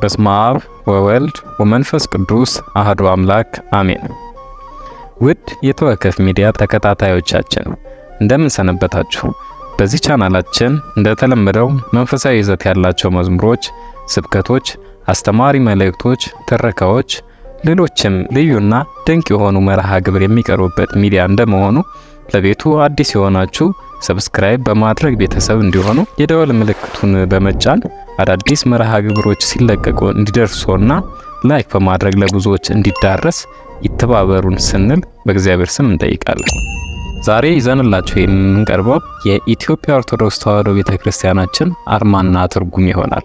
በስመ አብ ወወልድ ወመንፈስ ቅዱስ አህዶ አምላክ አሜን። ውድ የተወከፍ ሚዲያ ተከታታዮቻችን እንደምን ሰነበታችሁ? በዚህ ቻናላችን እንደተለመደው መንፈሳዊ ይዘት ያላቸው መዝሙሮች፣ ስብከቶች፣ አስተማሪ መልእክቶች፣ ትረካዎች፣ ሌሎችም ልዩና ድንቅ የሆኑ መርሃ ግብር የሚቀርቡበት ሚዲያ እንደመሆኑ ለቤቱ አዲስ የሆናችሁ ሰብስክራይብ በማድረግ ቤተሰብ እንዲሆኑ የደወል ምልክቱን በመጫን አዳዲስ መርሃ ግብሮች ሲለቀቁ እንዲደርሶና ላይክ በማድረግ ለብዙዎች እንዲዳረስ ይተባበሩን ስንል በእግዚአብሔር ስም እንጠይቃለን። ዛሬ ይዘንላችሁ የምንቀርበው የኢትዮጵያ ኦርቶዶክስ ተዋሕዶ ቤተክርስቲያናችን አርማና ትርጉም ይሆናል።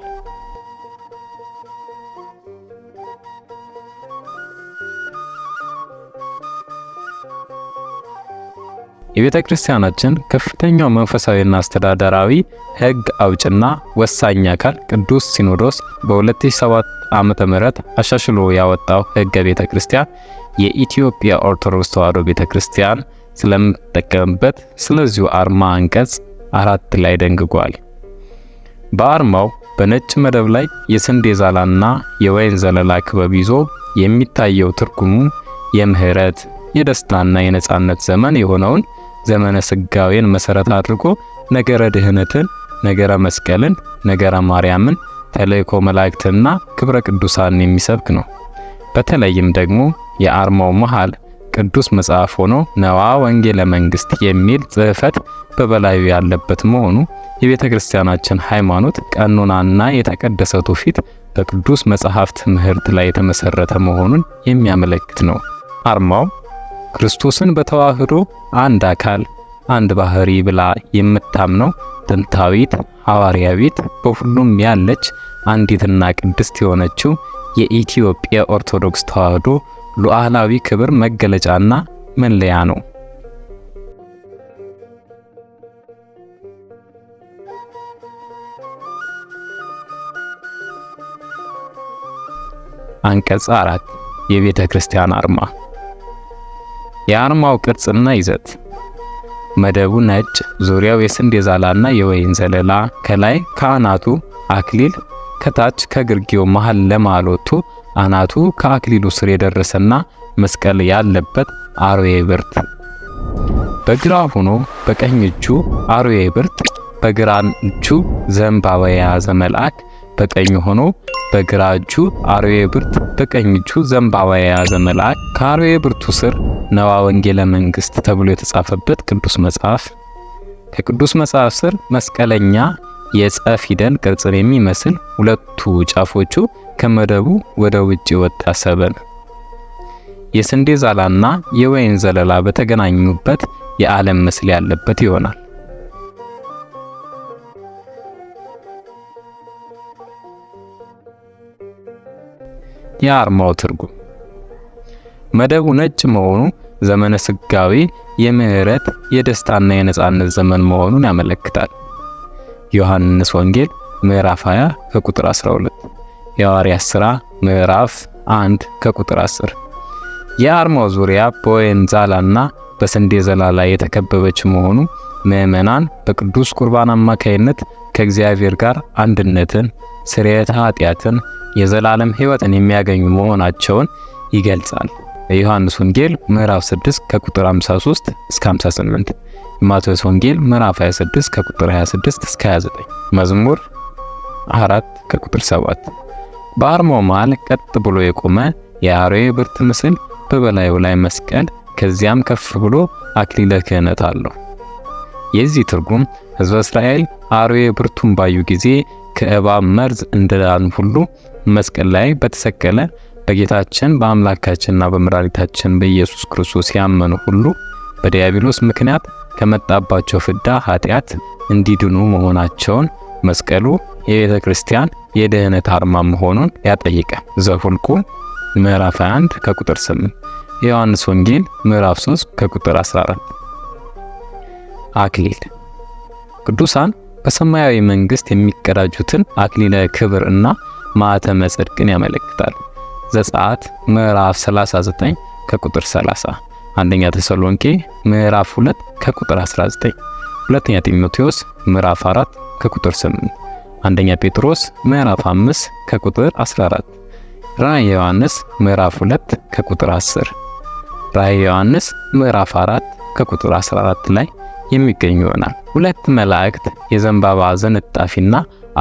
የቤተ ክርስቲያናችን ከፍተኛው መንፈሳዊና አስተዳደራዊ ሕግ አውጭና ወሳኝ አካል ቅዱስ ሲኖዶስ በ2007 ዓ ም አሻሽሎ ያወጣው ሕገ ቤተ ክርስቲያን የኢትዮጵያ ኦርቶዶክስ ተዋሕዶ ቤተ ክርስቲያን ስለምትጠቀምበት ስለዚሁ አርማ አንቀጽ አራት ላይ ደንግጓል። በአርማው በነጭ መደብ ላይ የስንዴ ዛላና የወይን ዘለላ ክበብ ይዞ የሚታየው ትርጉሙ የምህረት የደስታና የነጻነት ዘመን የሆነውን ዘመነ ስጋዌን መሰረት አድርጎ ነገረ ድህነትን፣ ነገረ መስቀልን፣ ነገረ ማርያምን፣ ተለይኮ መላእክትና ክብረ ቅዱሳን የሚሰብክ ነው። በተለይም ደግሞ የአርማው መሃል ቅዱስ መጽሐፍ ሆኖ ነዋ ወንጌለ መንግስት የሚል ጽህፈት በበላዩ ያለበት መሆኑ የቤተ ክርስቲያናችን ሃይማኖት ቀኖናና የተቀደሰ ትውፊት በቅዱስ መጽሐፍ ትምህርት ላይ የተመሰረተ መሆኑን የሚያመለክት ነው። አርማው ክርስቶስን በተዋህዶ አንድ አካል አንድ ባህሪ ብላ የምታምነው ጥንታዊት ሐዋርያዊት በሁሉም ያለች አንዲትና ቅድስት የሆነችው የኢትዮጵያ ኦርቶዶክስ ተዋህዶ ሉዓላዊ ክብር መገለጫና መለያ ነው። አንቀጽ አራት የቤተ ክርስቲያን አርማ የአርማው ቅርጽና ይዘት መደቡ ነጭ፣ ዙሪያው የስንዴ ዛላና የወይን ዘለላ፣ ከላይ ከአናቱ አክሊል፣ ከታች ከግርጌው መሃል ለማሎቱ አናቱ ከአክሊሉ ስር የደረሰና መስቀል ያለበት አሮዬ ብርት በግራ ሆኖ በቀኝ እጁ አሮዬ ብርት በግራ እጁ ዘንባባ የያዘ መልአክ በቀኝ ሆኖ በግራ እጁ አርዌ ብርት በቀኝ እጁ ዘንባባ የያዘ መልአክ ከአርዌ ብርቱ ስር ነዋ ወንጌለ መንግስት ተብሎ የተጻፈበት ቅዱስ መጽሐፍ ከቅዱስ መጽሐፍ ስር መስቀለኛ የጸ ፊደል ቅርጽን የሚመስል ሁለቱ ጫፎቹ ከመደቡ ወደ ውጭ ወጣ ሰበል የስንዴ ዛላና የወይን ዘለላ በተገናኙበት የዓለም ምስል ያለበት ይሆናል። የአርማው ትርጉም መደቡ ነጭ መሆኑ ዘመነ ስጋዊ የምህረት የደስታና የነጻነት ዘመን መሆኑን ያመለክታል። ዮሐንስ ወንጌል ምዕራፍ 20 ከቁጥር 12፣ የሐዋርያት ሥራ ምዕራፍ 1 ከቁጥር 10። የአርማው ዙሪያ በወይን ዛላና በስንዴ ዘላላ የተከበበች መሆኑ ምዕመናን በቅዱስ ቁርባን አማካይነት ከእግዚአብሔር ጋር አንድነትን፣ ስርየተ ኃጢአትን፣ የዘላለም ሕይወትን የሚያገኙ መሆናቸውን ይገልጻል። የዮሐንስ ወንጌል ምዕራፍ 6 ከቁጥር 53 እስከ 58፣ የማቴዎስ ወንጌል ምዕራፍ 26 ከቁጥር 26 እስከ 29፣ መዝሙር 4 ከቁጥር 7። በአርማው መሃል ቀጥ ብሎ የቆመ የአሮዬ ብርት ምስል፣ በበላዩ ላይ መስቀል፣ ከዚያም ከፍ ብሎ አክሊለ ክህነት አለው። የዚህ ትርጉም ሕዝበ እስራኤል አሮዬ ብርቱን ባዩ ጊዜ ከእባብ መርዝ እንደዳን ሁሉ መስቀል ላይ በተሰቀለ በጌታችን በአምላካችንና በመድኃኒታችን በኢየሱስ ክርስቶስ ያመኑ ሁሉ በዲያብሎስ ምክንያት ከመጣባቸው ፍዳ ኃጢአት እንዲድኑ መሆናቸውን መስቀሉ የቤተ ክርስቲያን የድኅነት አርማ መሆኑን ያጠይቃል። ዘኍልቍ ምዕራፍ 21 ከቁጥር 8፣ የዮሐንስ ወንጌል ምዕራፍ 3 ከቁጥር 14። አክሊል ቅዱሳን በሰማያዊ መንግስት የሚቀዳጁትን አክሊለ ክብር እና ማተ ጽድቅን ያመለክታል። ዘጸአት ምዕራፍ 39 ከቁጥር 30፣ አንደኛ ተሰሎንቄ ምዕራፍ 2 ከቁጥር 19፣ ሁለተኛ ጢሞቴዎስ ምዕራፍ 4 ከቁጥር 8፣ አንደኛ ጴጥሮስ ምዕራፍ 5 ከቁጥር 14፣ ራእየ ዮሐንስ ምዕራፍ 2 ከቁጥር 10፣ ራእየ ዮሐንስ ምዕራፍ 4 ከቁጥር 14 ላይ የሚገኙ ይሆናል። ሁለት መላእክት የዘንባባ ዘንጣፊና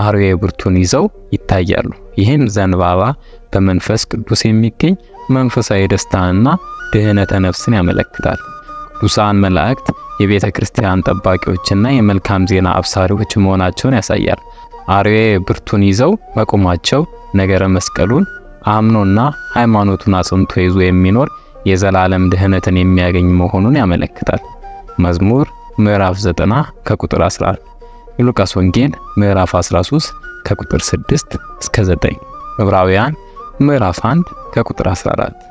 አርዌ ብርቱን ይዘው ይታያሉ። ይህም ዘንባባ በመንፈስ ቅዱስ የሚገኝ መንፈሳዊ ደስታንና ድህነተ ነፍስን ያመለክታል። ቅዱሳን መላእክት የቤተ ክርስቲያን ጠባቂዎችና የመልካም ዜና አብሳሪዎች መሆናቸውን ያሳያል። አርዌ ብርቱን ይዘው መቆማቸው ነገረ መስቀሉን አምኖና ሃይማኖቱን አጽንቶ ይዞ የሚኖር የዘላለም ድህነትን የሚያገኝ መሆኑን ያመለክታል። መዝሙር ምዕራፍ 90 ከቁጥር 11 የሉቃስ ወንጌል ምዕራፍ 13 ከቁጥር 6 እስከ 9 ዕብራውያን ምዕራፍ 1 ከቁጥር 14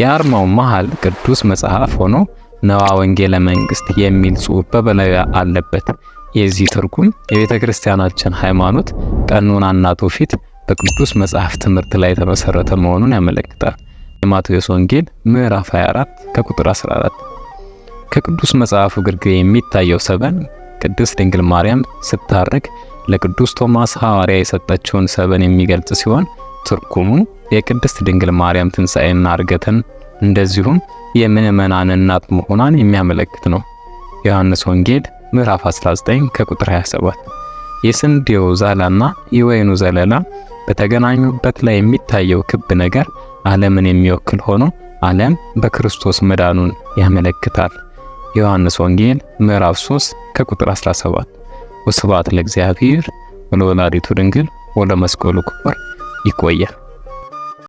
የአርማው መሃል ቅዱስ መጽሐፍ ሆኖ ነዋ ወንጌለ መንግስት የሚል ጽሑፍ በበላዩ አለበት። የዚህ ትርጉም የቤተ ክርስቲያናችን ሃይማኖት ቀኖናና ትውፊት በቅዱስ መጽሐፍ ትምህርት ላይ የተመሰረተ መሆኑን ያመለክታል። የማቴዎስ ወንጌል ምዕራፍ 24 ከቁጥር 14 ከቅዱስ መጽሐፉ ግርጌ የሚታየው ሰበን ቅድስት ድንግል ማርያም ስታርግ ለቅዱስ ቶማስ ሐዋርያ የሰጠችውን ሰበን የሚገልጽ ሲሆን ትርኩሙ የቅድስት ድንግል ማርያም ትንሣኤና እርገትን እንደዚሁም የምዕመናን እናት መሆኗን የሚያመለክት ነው። ዮሐንስ ወንጌል ምዕራፍ 19 ከቁጥር 27። የስንዴው ዛላና የወይኑ ዘለላ በተገናኙበት ላይ የሚታየው ክብ ነገር ዓለምን የሚወክል ሆኖ ዓለም በክርስቶስ መዳኑን ያመለክታል። ዮሐንስ ወንጌል ምዕራፍ 3 ከቁጥር 17። ወስብሐት ለእግዚአብሔር ወለወላዲቱ ድንግል ወለመስቀሉ ክቡር። ይቆያል።